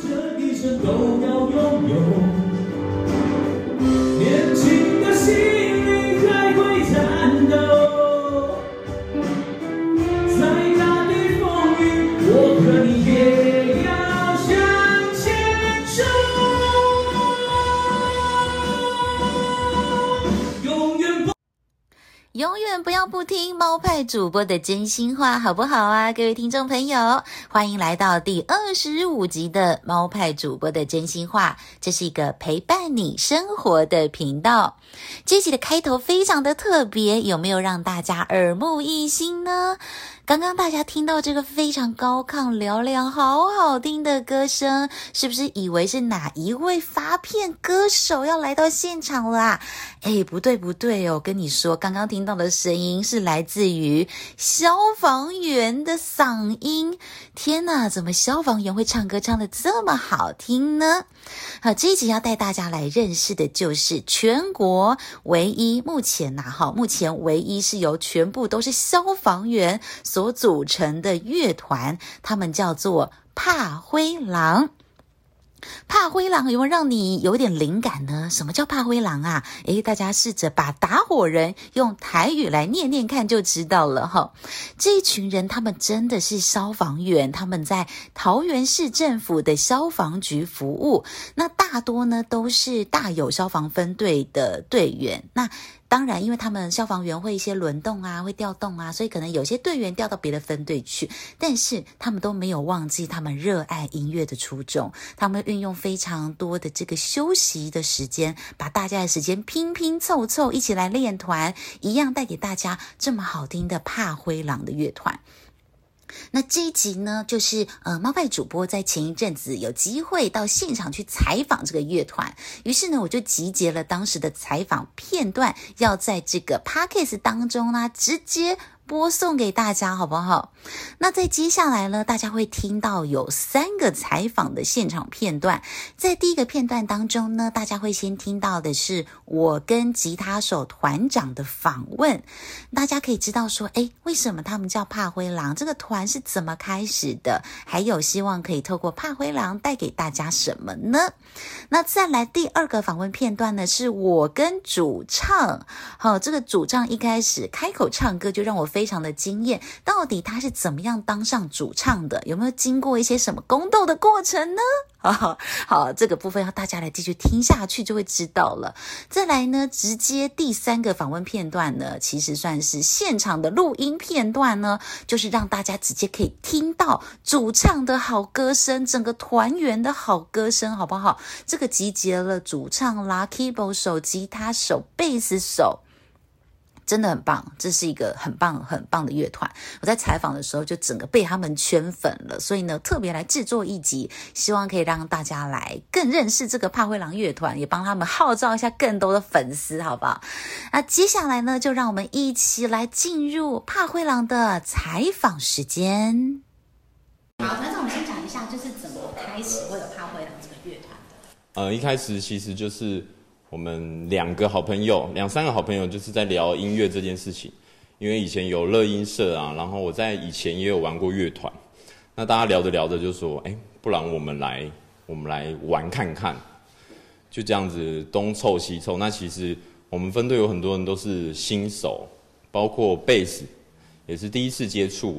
這一生都要擁有。不聽貓派主播的真心話好不好啊，各位聽眾朋友，歡迎來到第二十五集的貓派主播的真心話。這是一個陪伴你生活的頻道。這集的開頭非常的特別，有沒有讓大家耳目一新呢？剛剛大家聽到這個非常高亢嘹亮、好好聽的歌聲，是不是以為是哪一位發片歌手要來到現場啦、啊？誒，不對不對哦，跟你說，剛剛聽到的聲音是來自於消防員的嗓音。天哪，怎麼消防員會唱歌唱得這麼好聽呢？好，這一集要帶大家來認識的，就是全國唯一目前吶，哈，目前唯一是由全部都是消防員。所組成的樂團，他們叫做“汃灰郎”。汃灰郎有沒有讓你有點靈感呢？什麼叫汃灰郎啊？誒，大家試着把打火人用台語來念念看，就知道了吼，這一群人，他們真的是消防員，他們在桃園市政府的消防局服務。那大多呢都是大有消防分隊的隊員。那當然，因為他們消防員會一些輪動啊，會調動啊，所以可能有些隊員調到別的分隊去，但是他們都沒有忘記他們熱愛音樂的初衷。他們運用非常多的這個休息的時間，把大家的時間拼拼湊湊，一起來練團，一樣帶給大家這麼好聽的《汃灰郎》的樂團。那這一集呢，就是呃，貓派主播在前一陣子有機會到現場去採訪這個樂團，於是呢，我就集結了當時的採訪片段，要在這個 podcast 當中呢、啊，直接。播送給大家好不好？那在接下來呢，大家會聽到有三個採訪的現場片段。在第一個片段當中呢，大家會先聽到的是我跟吉他手團長的訪問，大家可以知道說，誒，為什麼他們叫汃灰郎？這個團是怎麼開始的？還有希望可以透過汃灰郎帶給大家什麼呢？那再來第二個訪問片段呢，是我跟主唱。好、哦，這個主唱一開始開口唱歌就讓我非常的驚艷，到底他是怎麼樣當上主唱的？有沒有經過一些什麼宮鬥的過程呢？好好，好，這個部分要大家來繼續聽下去就會知道了。再來呢，直接第三個訪問片段呢，其實算是現場的錄音片段呢，就是讓大家直接可以聽到主唱的好歌聲，整個團員的好歌聲，好不好？這個集結了主唱啦、keyboard 手、吉他手、貝斯手。真的很棒，這是一個很棒很棒的樂團。我在採訪的時候就整個被他們圈粉了，所以呢，特別來制作一集，希望可以讓大家來更認識這個汃灰郎樂團，也幫他們號召一下更多的粉絲，好不好？那接下來呢，就讓我們一起來進入汃灰郎的採訪時間。好，團長，我先講一下，就是怎麼開始會有汃灰郎這個樂團的。呃，一開始其實就是。我們兩個好朋友，兩三個好朋友，就是在聊音樂這件事情。因為以前有樂音社啊，然後我在以前也有玩過樂團。那大家聊着聊着就說：“哎，不然我們來，我們來玩看看。”就這樣子東湊西湊。那其實我們分隊有很多人都是新手，包括貝斯也是第一次接觸，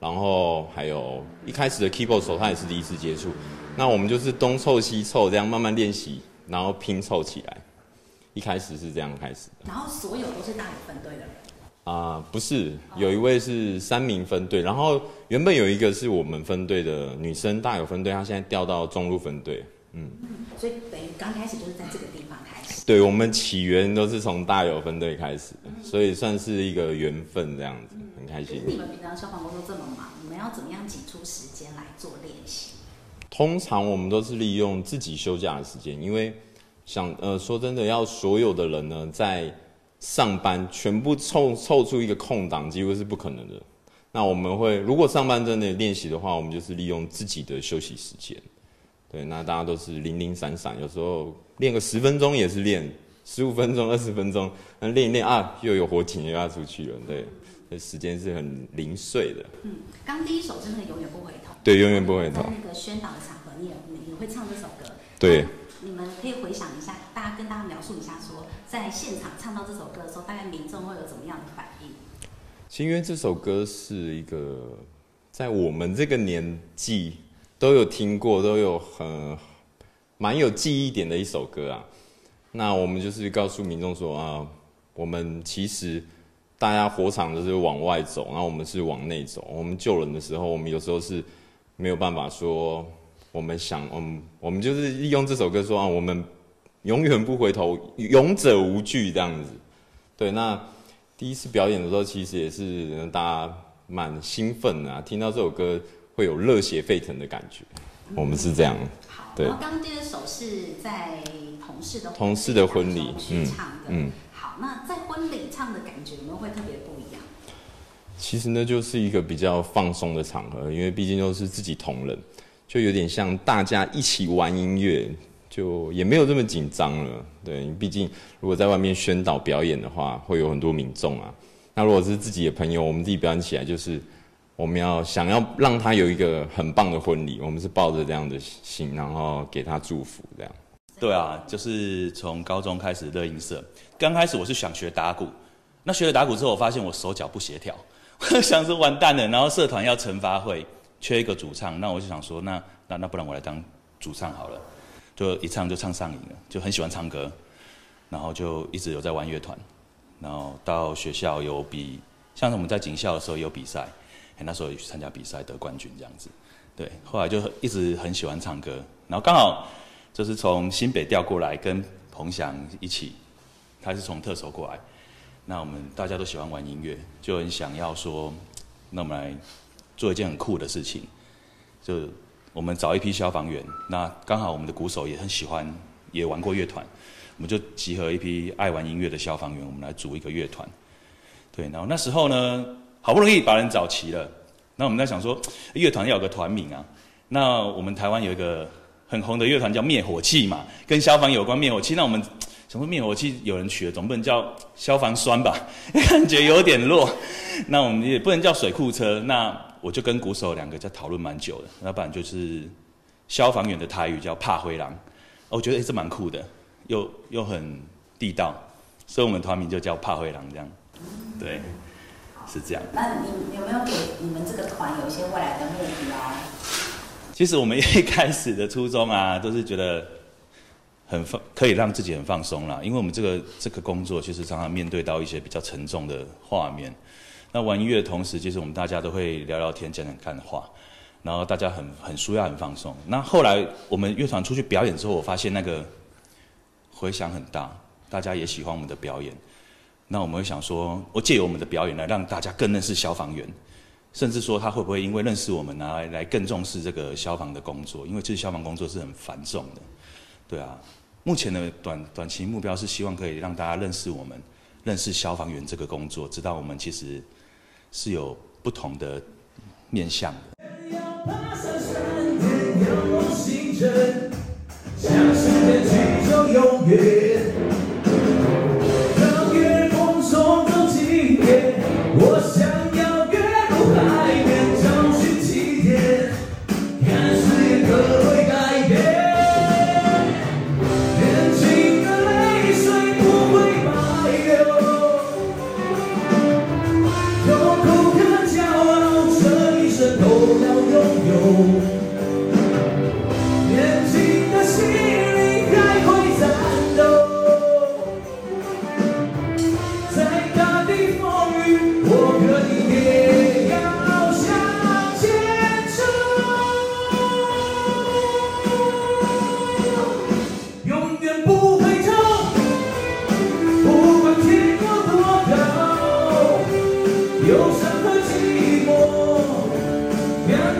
然後還有一開始的 keyboard 手他也是第一次接觸。那我們就是東湊西湊，這樣慢慢練習。然後拼湊起來，一開始是這樣開始的。然後所有都是大有分隊的人？啊、呃，不是，有一位是三名分隊。然後原本有一個是我們分隊的女生大有分隊，她現在調到中路分隊嗯。嗯，所以等於剛開始就是在這個地方開始。對，我們起源都是從大有分隊開始，所以算是一個緣分這樣子，嗯、很開心。嗯、你們平常消防工作這麼忙，你們要怎麼樣擠出時間來做練習？通常我們都是利用自己休假的時間，因為想呃說真的，要所有的人呢在上班，全部湊湊出一個空檔，幾乎是不可能的。那我們會，如果上班真的練習的話，我們就是利用自己的休息時間，對，那大家都是零零散散，有時候練個十分鐘也是練，十五分鐘、二十分鐘，那練一練啊，又有火警又要出去了，對。時間是很零碎的。剛、嗯、第一首真的永遠不回頭。對，永遠不回頭。那，那個宣導的場合你，你也你會唱這首歌。對。你們可以回想一下，大家跟大家描述一下說，說在現場唱到這首歌的時候，大概民眾會有怎麼樣的反應？因為這首歌是一個在我們這個年紀都有聽過、都有很蠻有記憶點的一首歌啊。那我們就是告訴民眾說啊，我們其實。大家火場就是往外走，然後我們是往內走。我們救人的時候，我們有時候是沒有辦法說，我們想，我們，我們就是利用這首歌說啊，我們永遠不回頭，勇者無懼這樣子。對，那第一次表演的時候，其實也是大家蠻興奮啊。聽到這首歌會有熱血沸騰的感覺。嗯。我們是這樣。好，對，然後剛接手是在同事的同事的婚禮去唱的。嗯。嗯好，那在婚禮唱的感覺有沒有會特別不一樣？其實呢，就是一個比較放鬆的場合，因為畢竟都是自己同仁，就有點像大家一起玩音樂，就也沒有這麼緊張了。對，畢竟如果在外面宣導表演的話，會有很多民眾啊。那如果是自己的朋友，我們自己表演起來，就是我們要想要讓他有一個很棒的婚禮，我們是抱着這樣的心，然後給他祝福這樣。對啊，就是從高中開始熱音社。剛開始我是想學打鼓，那學了打鼓之後，我發現我手腳不協調，我就想說完蛋了。然後社團要懲罰會，缺一個主唱，那我就想說，那那那不然我來當主唱好了。就一唱就唱上癮了，就很喜歡唱歌，然後就一直有在玩樂團，然後到學校有比，像是我們在警校的時候有比賽，那時候也去參加比賽得冠軍這樣子。對，後來就一直很喜歡唱歌，然後剛好。就是從新北調過來跟彭翔一起，他是從特搜過來。那我們大家都喜歡玩音樂，就很想要說，那我們來做一件很酷的事情。就我們找一批消防員，那剛好我們的鼓手也很喜歡，也玩過樂團，我們就集合一批愛玩音樂的消防員，我們來組一個樂團。對，然後那時候呢，好不容易把人找齊了，那我們在想說，樂團要有個團名啊。那我們台灣有一個。很紅的樂團叫滅火器嘛，跟消防有關，滅火器。那我們什麼滅火器？有人取了，總不能叫消防栓吧？ 感覺有點弱。那我們也不能叫水庫車。那我就跟鼓手兩個在討論蠻久的，那不然就是消防員的台語叫汃灰郎。我覺得哎，這、欸、蠻酷的，又又很地道，所以我們團名就叫汃灰郎這樣。嗯、對，是這樣。那你有沒有給你們這個團有一些未來的目標、啊？其實我們一開始的初衷啊，都是覺得很放，可以讓自己很放鬆啦。因為我們這個這個工作，其實常常面對到一些比較沉重的畫面。那玩音樂的同時，其、就、實、是、我們大家都會聊聊天、講講看話，然後大家很很舒壓、很放鬆。那後來我們樂團出去表演之後，我發現那個回響很大，大家也喜歡我們的表演。那我們會想說，我借由我們的表演來讓大家更認識消防員。甚至說他會不會因為認識我們拿、啊、來來更重視這個消防的工作，因為這消防工作是很繁重的，對啊。目前的短短期目標是希望可以讓大家認識我們，認識消防員這個工作，知道我們其實是有不同的面向的。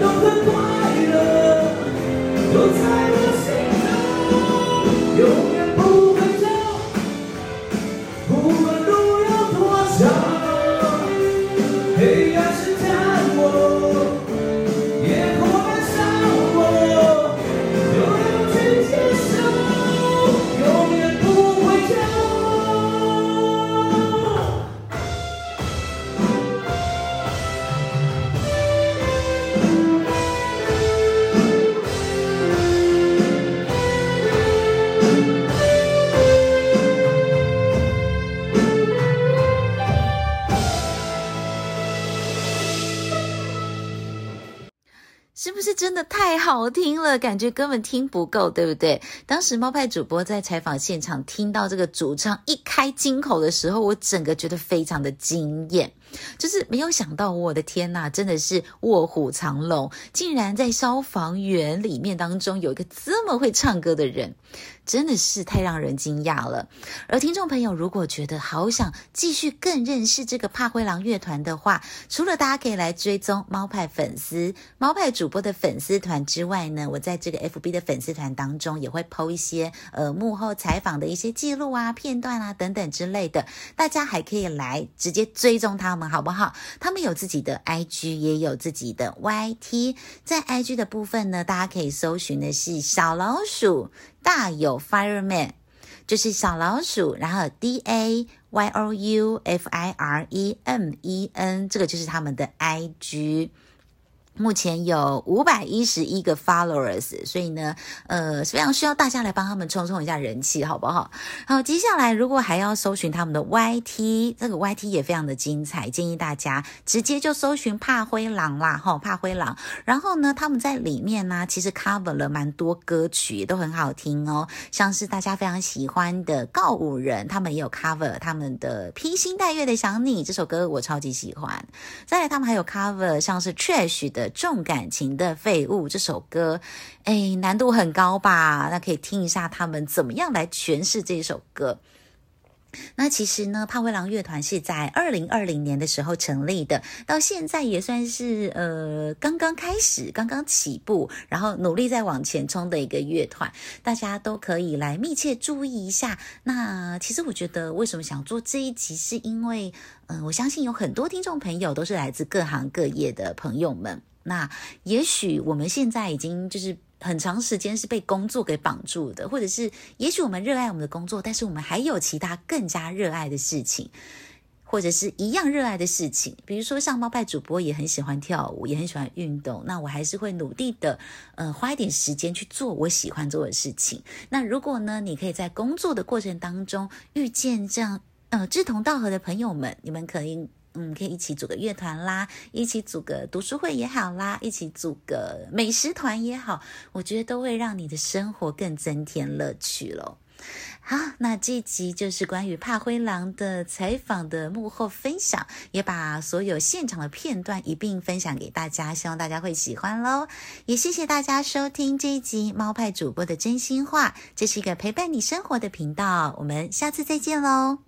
都很快樂，都在我心中。好聽了，感覺根本聽不夠，對不對？當時貓派主播在採訪現場聽到這個主唱一開金口的時候，我整個覺得非常的驚豔。就是沒有想到，我的天哪，真的是臥虎藏龍，竟然在消防員裡面當中有一個這麼會唱歌的人，真的是太讓人驚訝了。而聽眾朋友，如果覺得好想繼續更認識這個怕灰狼樂團的話，除了大家可以來追蹤貓派粉絲、貓派主播的粉絲團之外呢，我在這個 FB 的粉絲團當中也會剖一些呃幕後採訪的一些記錄啊、片段啊等等之類的，大家還可以來直接追蹤他們。們好不好？他們有自己的 IG，也有自己的 YT。在 IG 的部分呢，大家可以搜尋的是小老鼠，大有 Fireman，就是小老鼠，然後 D A Y O U F I R E M E N，這個就是他們的 IG。目前有五百一十一個 followers，所以呢，呃，非常需要大家來幫他們衝衝一下人氣，好不好？好，接下來如果還要搜尋他們的 YT，這個 YT 也非常的精彩，建議大家直接就搜尋“汃灰郎”啦，吼、哦，汃灰郎。然後呢，他們在裡面呢、啊，其實 cover 了蠻多歌曲，都很好聽哦，像是大家非常喜歡的告五人，他們也有 cover 他們的披星戴月的想你這首歌，我超級喜歡。再來，他們還有 cover，像是 Trash 的。重感情的廢物這首歌，哎，難度很高吧？那可以聽一下他們怎麼樣來詮釋這首歌。那其實呢，汃灰郎樂團是在二零二零年的時候成立的，到現在也算是呃剛剛開始，剛剛起步，然後努力在往前衝的一個樂團，大家都可以來密切注意一下。那其實我覺得，為什麼想做這一集，是因為嗯、呃，我相信有很多聽眾朋友都是來自各行各業的朋友們。那也許我們現在已經就是很長時間是被工作給綁住的，或者是也許我們熱愛我們的工作，但是我們還有其他更加熱愛的事情，或者是一樣熱愛的事情，比如說像貓派主播也很喜歡跳舞，也很喜歡運動。那我還是會努力的，呃，花一點時間去做我喜歡做的事情。那如果呢，你可以在工作的過程當中遇見這樣，呃，志同道合的朋友們，你們可以。嗯，可以一起組個樂團啦，一起組個讀書會也好啦，一起組個美食團也好，我覺得都會讓你的生活更增添樂趣嘍。好，那這一集就是關於《汃灰郎》的採訪的幕後分享，也把所有現場的片段一併分享給大家，希望大家會喜歡嘍。也謝謝大家收聽這一集《貓派主播的真心話》，這是一個陪伴你生活的頻道，我們下次再見嘍。